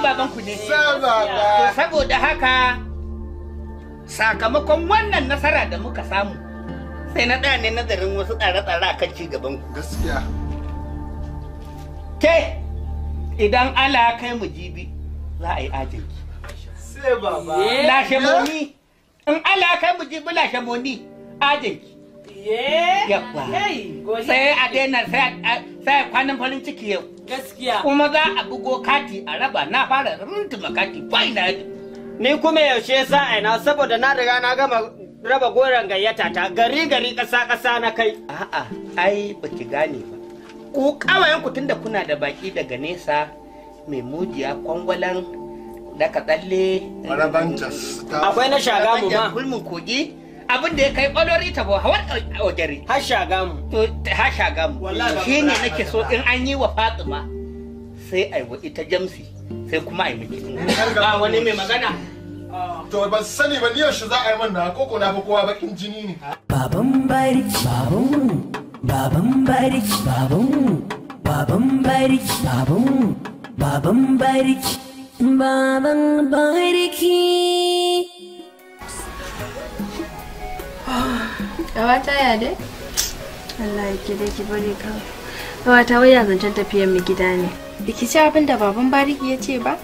baban ku ne saboda haka sakamakon wannan nasara da muka samu sai na ɗaya ne nazarin wasu tsare-tsare a kan gaban ku gaskiya ke idan ala kai mu jibi za a yi ajinki sai baba lashe moni in ala kai mu jibi lashe moni ajinki yawa sai a daina sai a kwanan farin ciki yau gaskiya kuma za a bugo kati a raba na fara runtuma kati bai na ni kuma yaushe za a saboda na riga na gama raba goron gayyata ta gari gari ƙasa ƙasa na kai a'a ai baki gane ba ku kawayen ku tunda kuna da baki daga nesa mai mujiya kwangwalan daga tsalle akwai na shaga mu ma kogi abin da ya kai ƙwalori ta bo hawar ƙaudari eh, oh, har shaga mu to har shaga mu shi ne nake so in an yi wa fatima sai ai wa ita jamsi sai kuma ai miki ba wani mai magana ah. To ban sani ba ni yaushe za a yi man na koko na fa kowa bakin jini ne. Baban bari baban baban bari baban baban bari baban baban bari baban bariki Gawata ya dai? Allah ki bari kawai. Gawata wai ya zancen tafiyar mu gida ne. Biki ci abin da baban bariki ya ce ba?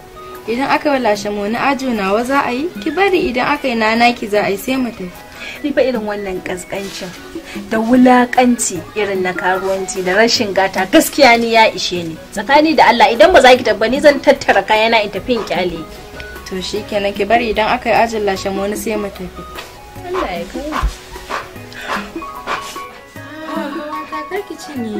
Idan aka yi lashe moni ajo nawa za a yi, ki bari idan aka yi nana ki za a yi sai mu tafi. Ni fa irin wannan kaskancin da wulakanci irin na karuwanci da rashin gata gaskiya ni ya ishe ni. Tsakani da Allah idan ba za ki tabbani zan tattara kayana in tafi in kyale ki. To shikenan ki bari idan aka yi ajin lashe wani sai mu tafi. Allah ya kai ta karki cinye ni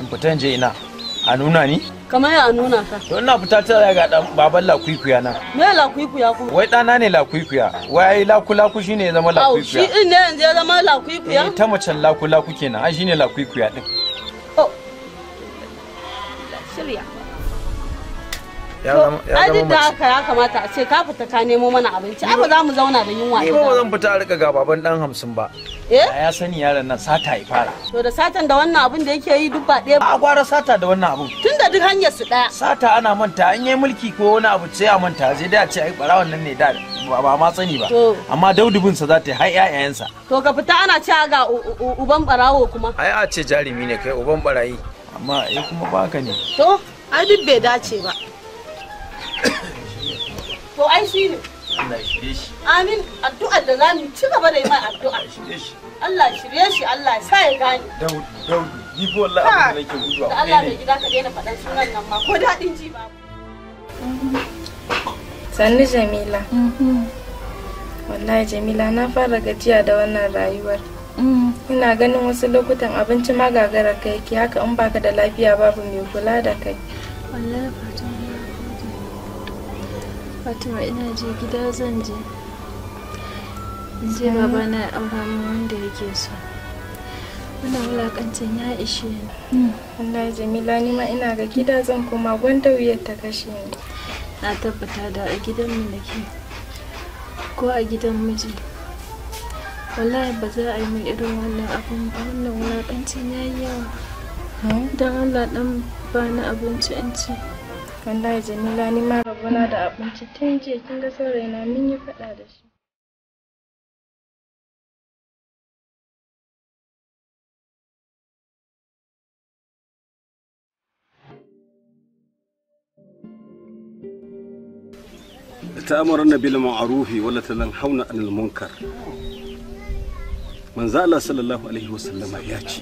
in fita je ina a nuna ni kamar ya nuna ka to ina fita ta ga dan baban kuikuya na me kuikuya kuma wai dana ne kuikuya. wai kula ku shine ya zama Au shi din ne yanzu ya zama kuikuya. Eh, ta macen kula ku kenan ai shine kuikuya din ya zama da haka ya kamata a ce ka fita ka nemo mana abinci ai ba za mu zauna da yunwa ni ba zan fita a rika gababan dan hamsin ba eh ya sani yaron nan sata ya fara to da satan da wannan abin da yake yi duk ba ɗaya ba a gwara sata da wannan abin da duk hanyar su ɗaya sata ana manta an yi mulki ko wani abu sai a manta sai dai a ce ai barawan nan ne da ba ma sani ba amma daudubin sa za ta har ƴaƴayensa to ka fita ana cewa ga uban barawo kuma ai a ce jarumi ne kai uban barayi amma eh kuma baka ne to ai duk bai dace ba to ai shi ne amin addu'ar da zamu ci gaba da yi mai addu'a Allah shirye shi Allah ya sa ya gane daudu daudu ni ko wallahi abin da nake gudu da Allah mai gida ka daina faɗan sunan nan ma ko daɗin ji ba sannu Jamila wallahi Jamila na fara gajiya da wannan rayuwar ina ganin wasu lokutan abinci ma gagara kai ki haka in baka da lafiya babu mai kula da kai wallahi fatima ina je gida zan je je baba na aura min wanda yake so wannan wulakancin ya ishe ni hmm. Allah ya jamila ni ma ina ga gida zan koma gwanda wuyar ta kashe ni na tabbata da a gidan mu nake ko a gidan miji wallahi ba za a yi mai irin wannan abun ba wannan wulakancin ya yi yawa hmm? don Allah dan ba na abinci in ci wallahi jamila ni ma rabu na da abinci tun jiya kin ga saurayina mun yi faɗa da shi ta'amuran na bil ma'ruhi wala talan hauna anil munkar manzo Allah sallallahu alaihi wasallama ya ce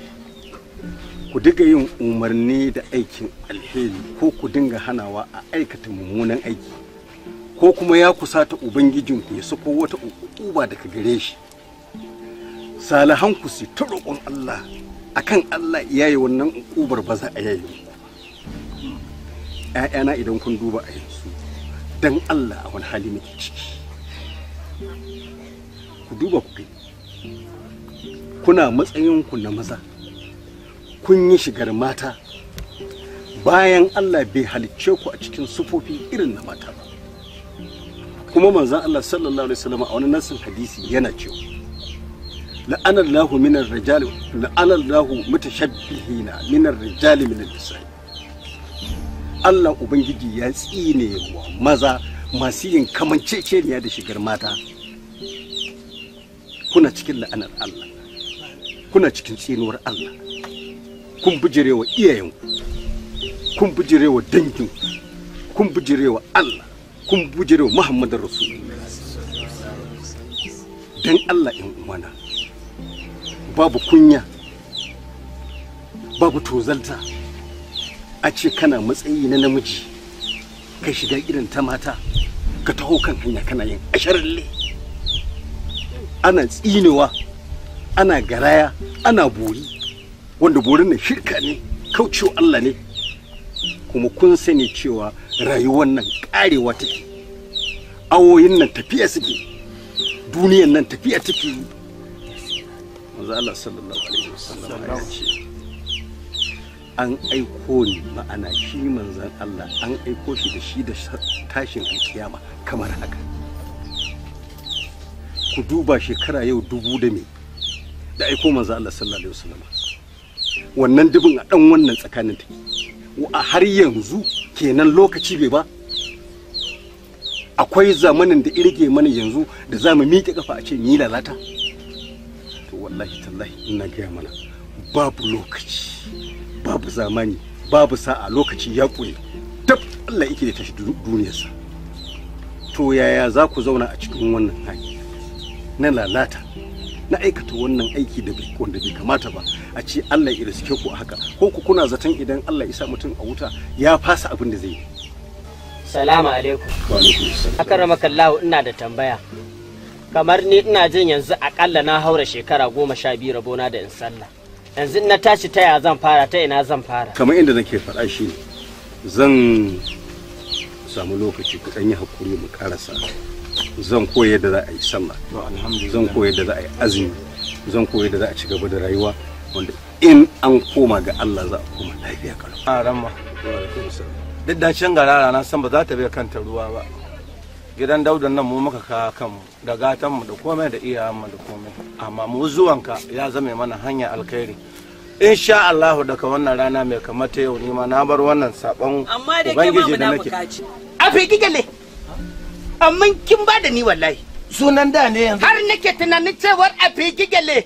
ku dinga yin umarni da aikin alheri ko ku dinga hanawa a aikata mummunan aiki ko kuma ya kusata ubangijinku ya sako wata uba daga gare shi salahan ku su ta roƙon Allah akan Allah ya yi wannan ubar ba za a yayi ‘ya'yana idan kun duba a yanzu don Allah a wani hali muke ciki ku duba ku kuna matsayinku na maza kun yi shigar mata bayan Allah bai halicce ku a cikin sufofi irin na mata ba kuma manzon Allah sallallahu alaihi wasallam a wani nassin hadisi yana cewa la'ana Allahu minar rijal la'ana Allahu mutashabbihina minar rijali minan nisa Allah ubangiji ya tsine wa maza masu yin kamanceceniya da shigar mata kuna cikin la'anar Allah kuna cikin tsinuwar Allah kun wa iyayenku kun wa danginku kun wa Allah kun wa Muhammadu Rasulullah dan Allah in uwana babu kunya babu tozalta a ce kana matsayi na namiji ka shiga irin ta mata ka taho kan hanya kana yin asharalle ana tsinewa ana garaya ana bori wanda burin nan shirka ne kaucewa Allah ne kuma kun sani cewa rayuwar nan karewa take awoyin nan tafiya suke duniyan nan tafiya take manzo Allah sallallahu alaihi wasallam ya ce an aiko ni ma'ana shi manzan Allah an aiko shi da shi da tashin alkiyama kamar haka ku duba shekara yau dubu da me da aiko manzo Allah sallallahu alaihi wasallam wannan dubin a ɗan wannan tsakanin ta a har yanzu kenan lokaci bai ba akwai zamanin da irge mana yanzu da za mu miƙe kafa a ce ni lalata to wallahi tallahi ina gaya mana babu lokaci babu zamani babu sa'a lokaci ya ƙure dab Allah yake da tashi duniyarsa to yaya za ku zauna a cikin wannan hali na lalata na aikata wannan aiki da wanda bai kamata ba a ce Allah ya riske ku haka ko ku kuna zaton idan Allah ya sa mutum a wuta ya fasa abin da zai yi salamu alaikum kallawu ina da tambaya kamar ni ina jin yanzu akalla na haura shekara goma sha biyu rabona da in sallah yanzu na tashi ta ya zan fara ta ina zan fara kamar inda nake faɗa shi zan samu lokaci ku ɗan yi haƙuri mu ƙarasa zan koye da za a yi sallah zan koye da za a yi azumi zan koye da za a ci gaba da rayuwa wanda in an koma ga Allah za a koma lafiya kalau a ramma duk da can garara na san ba za ta bai kanta ruwa ba gidan daudan nan mu muka ka mu da gatan mu da komai da mu da komai amma mu zuwanka ya zame mana hanya alkhairi insha Allah daga wannan rana mai kamata yau ni ma na bar wannan sabon ubangiji da nake amma da bukaci a gigale amma kin ba da ni wallahi sunan da ne yanzu har nake tunanin cewar a fiki gele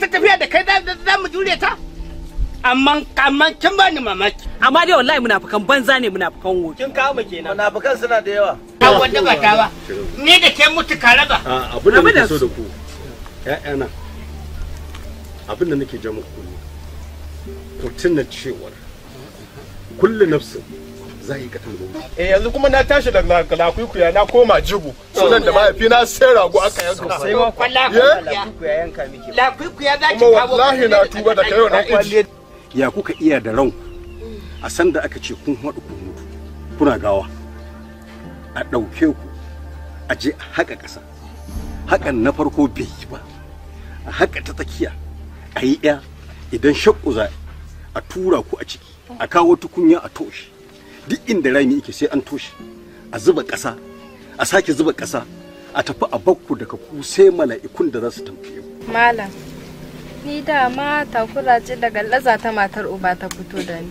ta tafiya da kai za mu jure ta amma amma kin ba ni mamaki amma dai wallahi munafukan banza ne munafukan wo kin kama kenan munafukan suna da yawa ta wanda ba ta ba ni da ke mutu ka raba ah, abin da nake so da ku ƴaƴana abin da nake jama'a ku ne ku tuna cewar kullu nafsin zai yi katal eh yanzu kuma na tashi daga kalakuikuya na koma jibu sunan da mahaifi na sai rago aka yanka sai ma kwalla eh? kalakuikuya yanka miki kalakuikuya za ki kawo wallahi na tuba da kai wannan kwalle ya kuka iya da rau a san da aka ce kun haɗu kun mutu kuna gawa a ɗauke ku a je a haƙa ƙasa haƙan na farko bai yi ba a haƙa ta tsakiya a yi ɗaya idan shakku za a tura ku a ciki a kawo tukunya a toshe duk inda rami yake sai an toshe a zuba ƙasa a sake zuba ƙasa a tafi a bakku daga ku sai mala'ikun da za su tamfi ku malam ni da ma takura ce daga laza ta matar uba ta fito da ni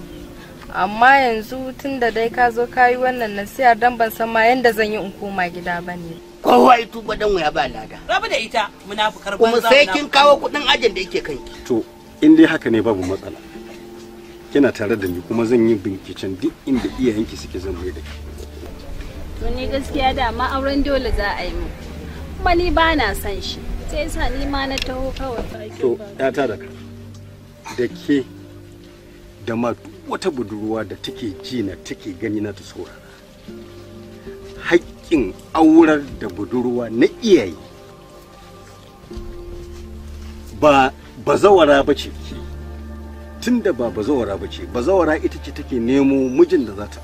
amma yanzu tun da dai ka zo ka yi wannan nasiya dan ban san ma yanda zan yi in koma gida ba ne kowa ya tuba dan ya ba lada rabu da ita munafukar banza kuma sai kin kawo kudin ajin da yake kanki to in dai haka ne babu matsala kina tare da ni kuma zan yi binkicen duk inda iyayenki suke zan mai da ke. to ni gaskiya da ma auren dole za a yi mu kuma ni ba na son shi sai sa ni ma na taho kawai to da ka da ke da ma wata budurwa da take ji na take gani na ta saurara haƙƙin aurar da budurwa na iyaye ba bazawara ba ki tunda ba bazawara ba ce bazawara ita ce take nemo mijin da za ta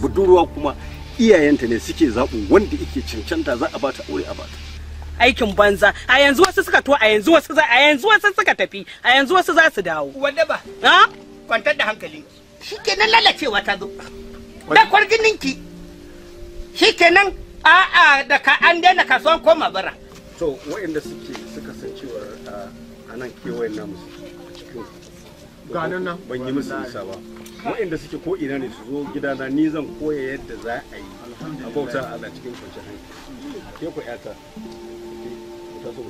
budurwa kuma iyayenta ne suke zaɓo wanda yake cancanta za a bata aure a bata aikin banza a yanzu wasu suka to a yanzu wasu a yanzu wasu suka tafi a yanzu wasu za su dawo wanda ba ha kwantar da hankalinki shikenan lalacewa ta zo da kwargininki shikenan a a da ka an daina kasuwan koma bara to waɗanda suke suka san cewa a nan kewayen namu ganin nan ban yi musu isa ba waɗanda suke ko ina ne su zo gidana ni zan koya yadda za a yi a bauta Allah cikin kwanciyar hankali ke ku yata ta so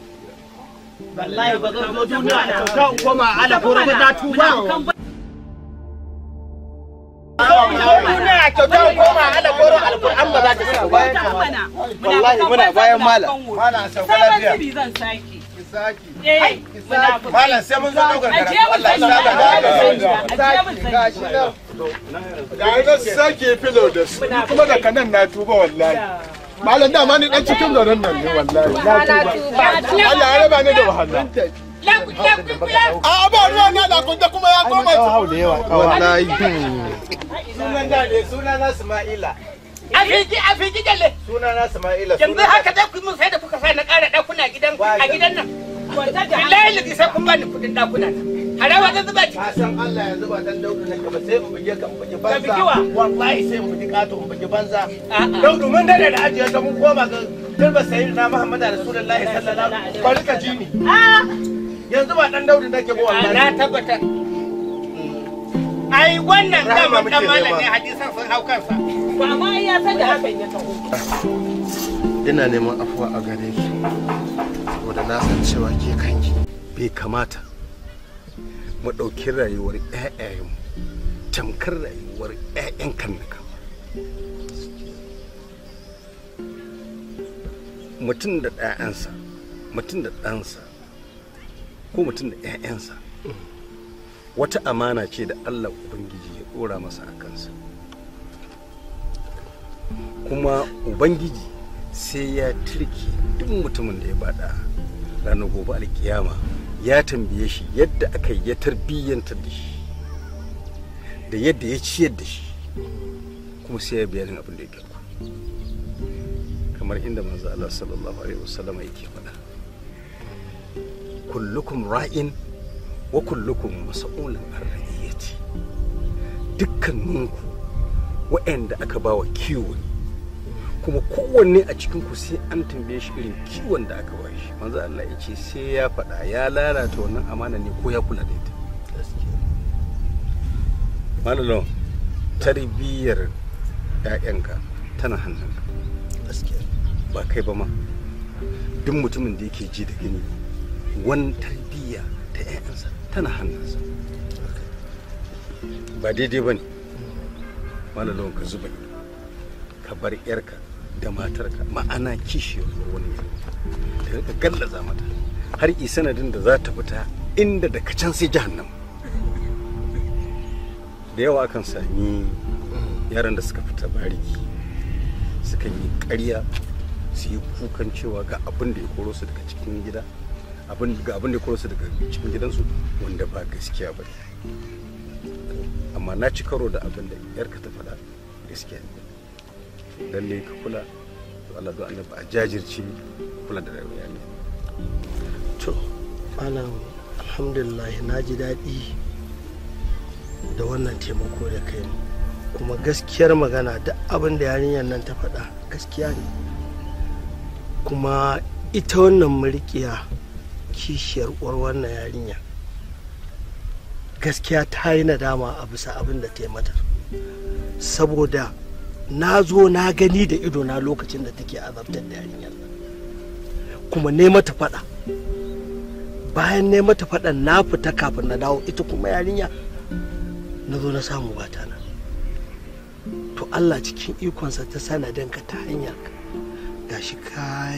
wallahi ba zan zo duniya da kyauta koma ala gora ba ta tuba kyautar goma ala goro alkur'an ba za Isaki. Eh, Isaki. Malam sai mun zo daukar karatu. Allah ya saba da Isaki. Gashi nan. Ga nan sake filo da su. Kuma daga nan na tuba wallahi. Malam ma ni dan cikin zaren nan ne wallahi. Na tuba. Allah ya raba ni da wahala. A ba ruwa na da kunta kuma ya koma. Wallahi. Sunan da ne sunana Ismaila. a afiji gelle. Suna na Sama'ila. Yanzu haka dai ku mun sai da kuka sa na ƙara ɗakuna gidan a gidan nan. Wallahi liki sai kun bani kuɗin ɗakuna na. Harawa zan zuba ki. Kasan Allah yanzu ba dan daudu na kaba sai mu ka kan bige banza. Ka bige wa? Wallahi sai mu bige kato mu bige banza. Daudu mun dade da ajiye ta mun koma ga Dirba Sayyidina Muhammad Rasulullahi sallallahu alaihi wasallam. Bari ka Yanzu ba dan daudu nake ba wallahi. Na tabbatar. ai wannan dama dan malam ne hadisan sun hau kansa ba amma ya san da hakan ya taho ina neman afuwa a gare ki saboda na san cewa ke kanki bai kamata mu ɗauki rayuwar ƴaƴayenmu tamkar rayuwar ƴaƴan kan na kama mutum da ɗayansa mutum da ɗansa ko mutum da ƴaƴansa wata amana ce da allah ubangiji ya ɗora masa a kansa kuma ubangiji sai ya tirki duk mutumin da ya bada ranar gobe alkiyama ya tambaye shi yadda aka yi ya tarbiyyantar da shi da yadda ya ciyar da shi kuma sai ya bayanin abin da ya kyau kamar inda manzo Allah sallallahu alaihi wasallam yake faɗa kullukum ra'in wa kullukum mas'ulun ar-ra'iyati dukkaninku waɗanda aka ba wa kiwo kuma kowanne a cikin ku sai an tambaye shi irin kiwon da aka ba shi manzo Allah ya ce sai ya faɗa ya lalata wannan amana ne ko ya kula da ita malalon tarbiyyar ‘ya'yanka tana hannunka ba kai ba ma duk mutumin da yake ji da gani wani tarbiyya ta 'ya'yansa tana hannunsa ba daidai ba ne malalon ka zuba ido ka bar 'yarka da matarka ma'ana kishiyar wani da rika gallaza mata har yi sanadin da za ta fita inda da kacan sai jahannam da yawa akan sami yaran da suka fita bariki sukan yi karya su yi kukan cewa ga abin da ya koro su daga cikin gida abin ga abin da koro su daga cikin gidansu wanda ba gaskiya ba amma na ci karo da abin da yarka ta faɗa gaskiya ne lalle ka kula to Allah don annabi a jajirce kula da rayuwar yayi to malam alhamdulillah na ji daɗi da wannan taimako da kai kuma gaskiyar magana duk abin da yarinyar nan ta faɗa gaskiya ne kuma ita wannan marikiya kishiyar uwar wannan yarinya gaskiya ta yi nadama a bisa abin da ta mata saboda na zo na gani da ido na lokacin da take azabtar da yarinya kuma ne mata faɗa bayan ne mata faɗa na fita kafin na dawo ita kuma yarinya na zo na samu bata na to Allah cikin ikonsa ta sanadinka ta hanyar gashi ka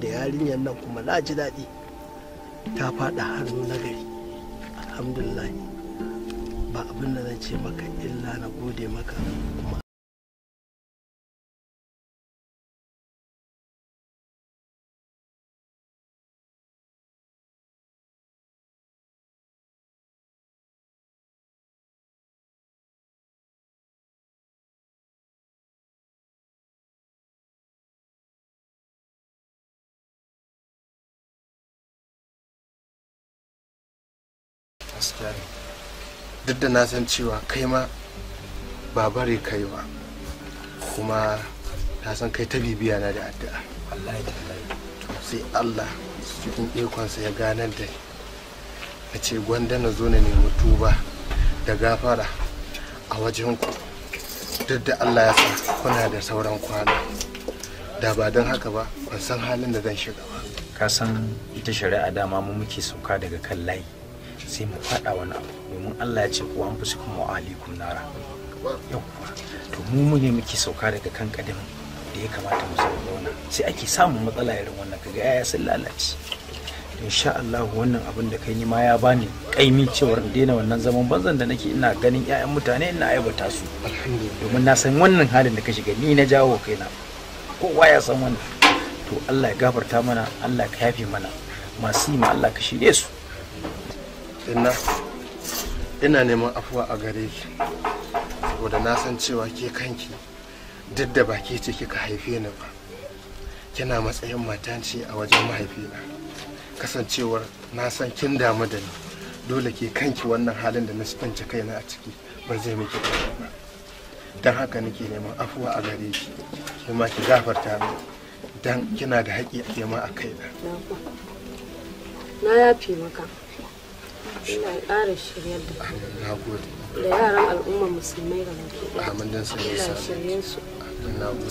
da yarinyar nan kuma na ji daɗi ta faɗa hannu na gari alhamdulillah ba abin da zan ce maka illa na gode maka gaskiya duk da na san cewa kai ma ba bare kai ba kuma ta san kai ta bibiya na da addu'a wallahi sai Allah cikin ikonsa ya ganar da na ce gwanda na zo na nemi tuba da gafara a wajen ku duk da Allah ya sa kuna da sauran kwana da ba don haka ba ban san halin da zan shiga ba ka san ita shari'a dama mu muke sauka daga kan layi sai mu faɗa wani abu domin Allah ya ce ku an fusi kuma alikum nara yau to mu ne muke sauka daga kan kadin da ya kamata mu samu wannan sai ake samun matsala irin wannan kaga yaya sun lalace insha Allah wannan abin da kai ma ya bani kaimi cewar in daina wannan zaman banzan da nake ina ganin 'ya'yan mutane ina aibata su domin na san wannan halin da ka shiga ni na jawo kai na, kowa ya san wannan to Allah ya gafarta mana Allah ka yafe mana masu yi ma Allah ka shirye su inna ina neman afuwa a gare ki saboda na san cewa ke kanki duk da baki ce kika haife ni ba kina matsayin mata ce a wajen mahaifina kasancewar na san kin damu da ni dole ke kanki wannan halin da na kai kaina a ciki ba zai miki ba don haka nake neman afuwa a gare ki ke ma ki gafarta min dan kina da haƙi a a kaina na yafe maka Allah ya ƙara shiryar da na da yaran al'ummar musulmai da mutum amin dan sai ya shirye su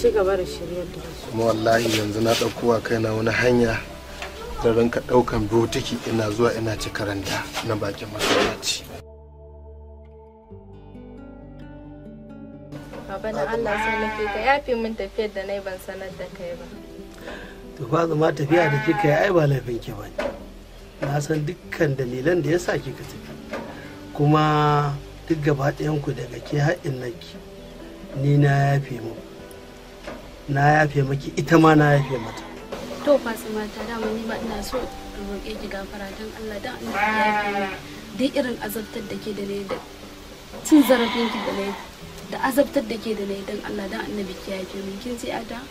ci gaba da shiryar da kuma wallahi yanzu na ɗauko a kaina wani hanya da ranka ɗaukan botiki ina zuwa ina ci karanta na bakin masallaci Baba na Allah sallake ka yafi min tafiyar da nai ban sanar da kai ba. To ba ma tafiya da kika yi ai ba laifin ki bane. na san dukkan dalilan da ya sa kika tafi kuma duk gaba ku daga ke haɗin naki ni na yafe mu na yafe maki ita ma na yafe mata to fatima mata dama ni ba ina so in roƙe ki gafara don Allah dan Allah ya yafe duk irin azabtar da ke da ne da cin zarafin ki da ne da azabtar da ke da ne don Allah dan annabi ki yafe min kin ji ada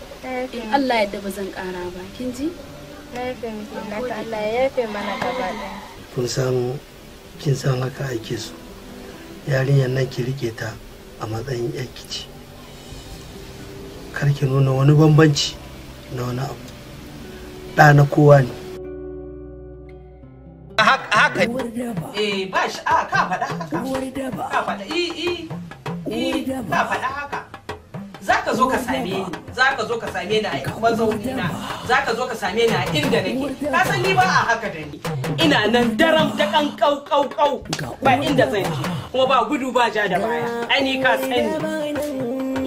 in Allah yadda ba zan ƙara ba kin ji kun samu kin san haka ake su yarinyar nan ki rike ta a matsayin yanki kar ki nuna wani bambanci na wani abu ɗa na kowa ne haka eh ba shi a ka faɗa haka ka faɗa i i ka faɗa haka zaka zo ka same ni zaka zo ka same ni a mazauni na zaka zo ka same ni a inda nake ka san ni ba a haka da ni ina nan daram da kan kau kau kau ba inda zan je kuma ba gudu ba ja da baya ai ni ka sani mm.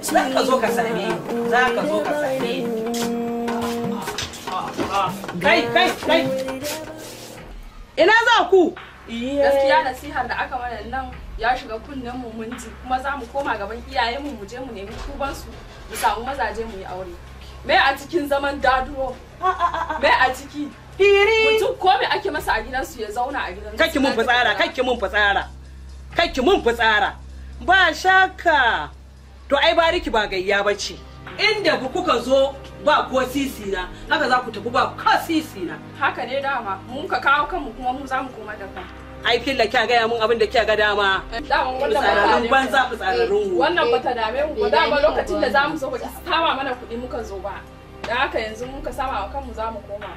zaka zo ka same ni zaka zo ka same ni kai kai kai ina za ku gaskiya nasihar da aka mana nan ya shiga kunnen mu mun ji kuma za mu koma gaban iyayen mu mu je mu nemi tuban su mu samu mazaje mu yi aure me a cikin zaman daduro me a ciki firi mutum ko me ake masa a gidansu ya zauna a gidansu kake mun fitsara kake mun fitsara kake mun fitsara ba shaka to ai bariki ba gayya bace inda kuka zo ba ko sisi na haka za ku tafi ba ko sisi na haka ne dama mun ka kawo kanmu kuma mu za mu koma da kanmu aikin da kya gaya mun abin da kya ga dama fitsararrun banza fitsararrun wannan bata dame mu ba dama lokacin da zamu zo ba sama mana kuɗi muka zo ba da haka yanzu mun ka sama wa kanmu za mu koma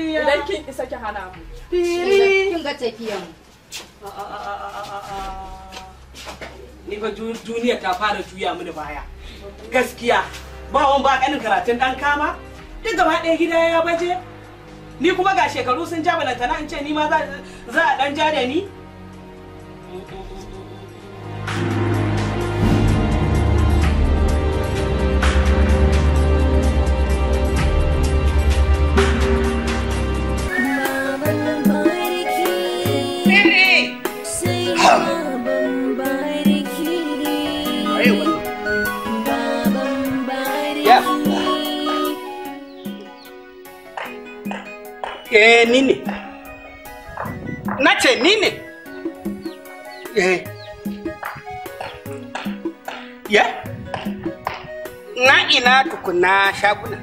idan kin isa ki hana mu kin ga tafiyan ni fa duniya ta fara juya mini baya gaskiya ba wani ba kanin karatun dan kama duk gaba ɗaya gida ya baje ni kuma ga shekaru sun ja balantana an ce ni ma za a dan ja da ni eh na ce ni ne ya na ina tukuna shaguna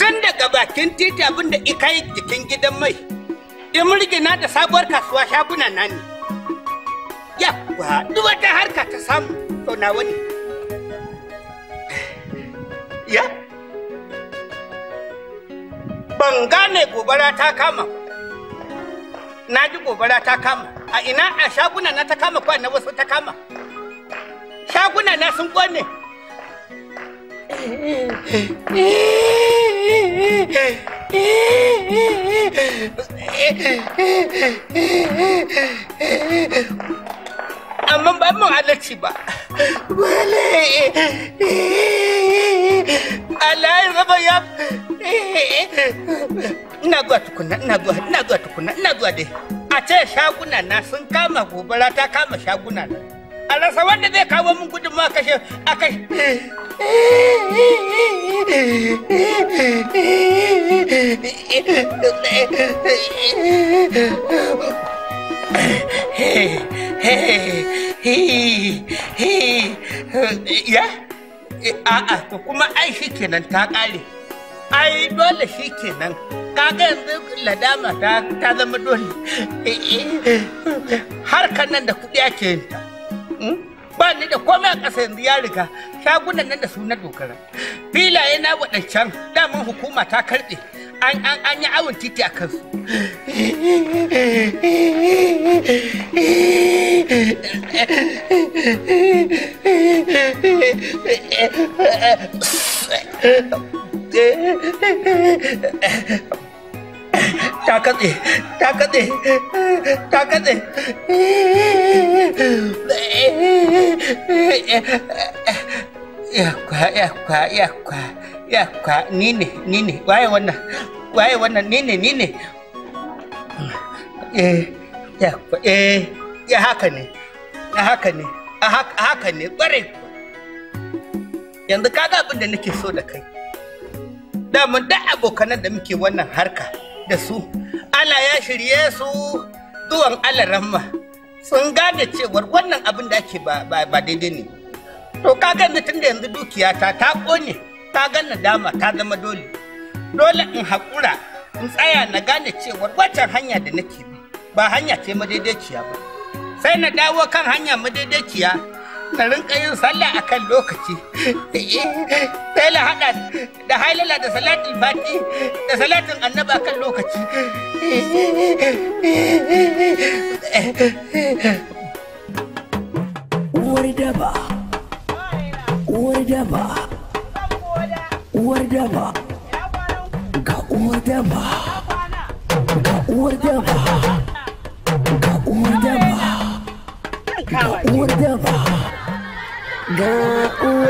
tun daga bakin titi abinda ikai jikin gidan mai na da sabuwar kasuwa shaguna na ne yawwa duk wata harka ta samu to nawa ne ya ban gane gobara ta kama na ji gobara ta kama a ina a shaguna na ta kama kwa na wasu ta kama shaguna na sun kone Eh amma ba mu alaci ba Allah ya zaba ya ina zuwa tukuna ina zuwa ina zuwa tukuna ina zuwa dai a ce shaguna na sun kama gobara ta kama shaguna na a rasa wanda zai kawo min gudun ma kashe a kashe Oh, ya a'a to kuma ai shi kenan ta ƙare? ai dole shi kenan kaga yanzu ladama ta zama dole harkar nan da kuɗi ake yin ta hmm? ba ni da komai a ƙasa yanzu ya riga shagunan nan da su na filaye na waɗancan daman hukuma ta karɓe anh an anh chị yi awon titi a kansu ta katse ta katse ta yeah yakwa yeah yakwa ya ka ni ne ni ne waye wannan waye wannan ni ne ni ne eh ya eh ya haka ne a haka ne a haka ne ƙwarai yanzu kaga abin da nake so da kai Da mun da abokan da muke wannan harka da su ana ya shirye su zuwan Ramma, sun gane cewar wannan abin da ake ba daidai ne to kaga yanzu tunda da yanzu dukiyata ta kone ta gane dama ta zama dole dole in haƙura in tsaya na gane cewa waccan hanya da nake bi ba hanya ce madaidaiciya ba sai na dawo kan hanya madaidaiciya na rinka yin sallah a kan lokaci sai na haɗa da halala da salatin fati da salatin annaba kan lokaci uwar daba uwar daba uwar dama ga uwar dama ga uwar dama ga uwar dama ga uwar dama ga uwar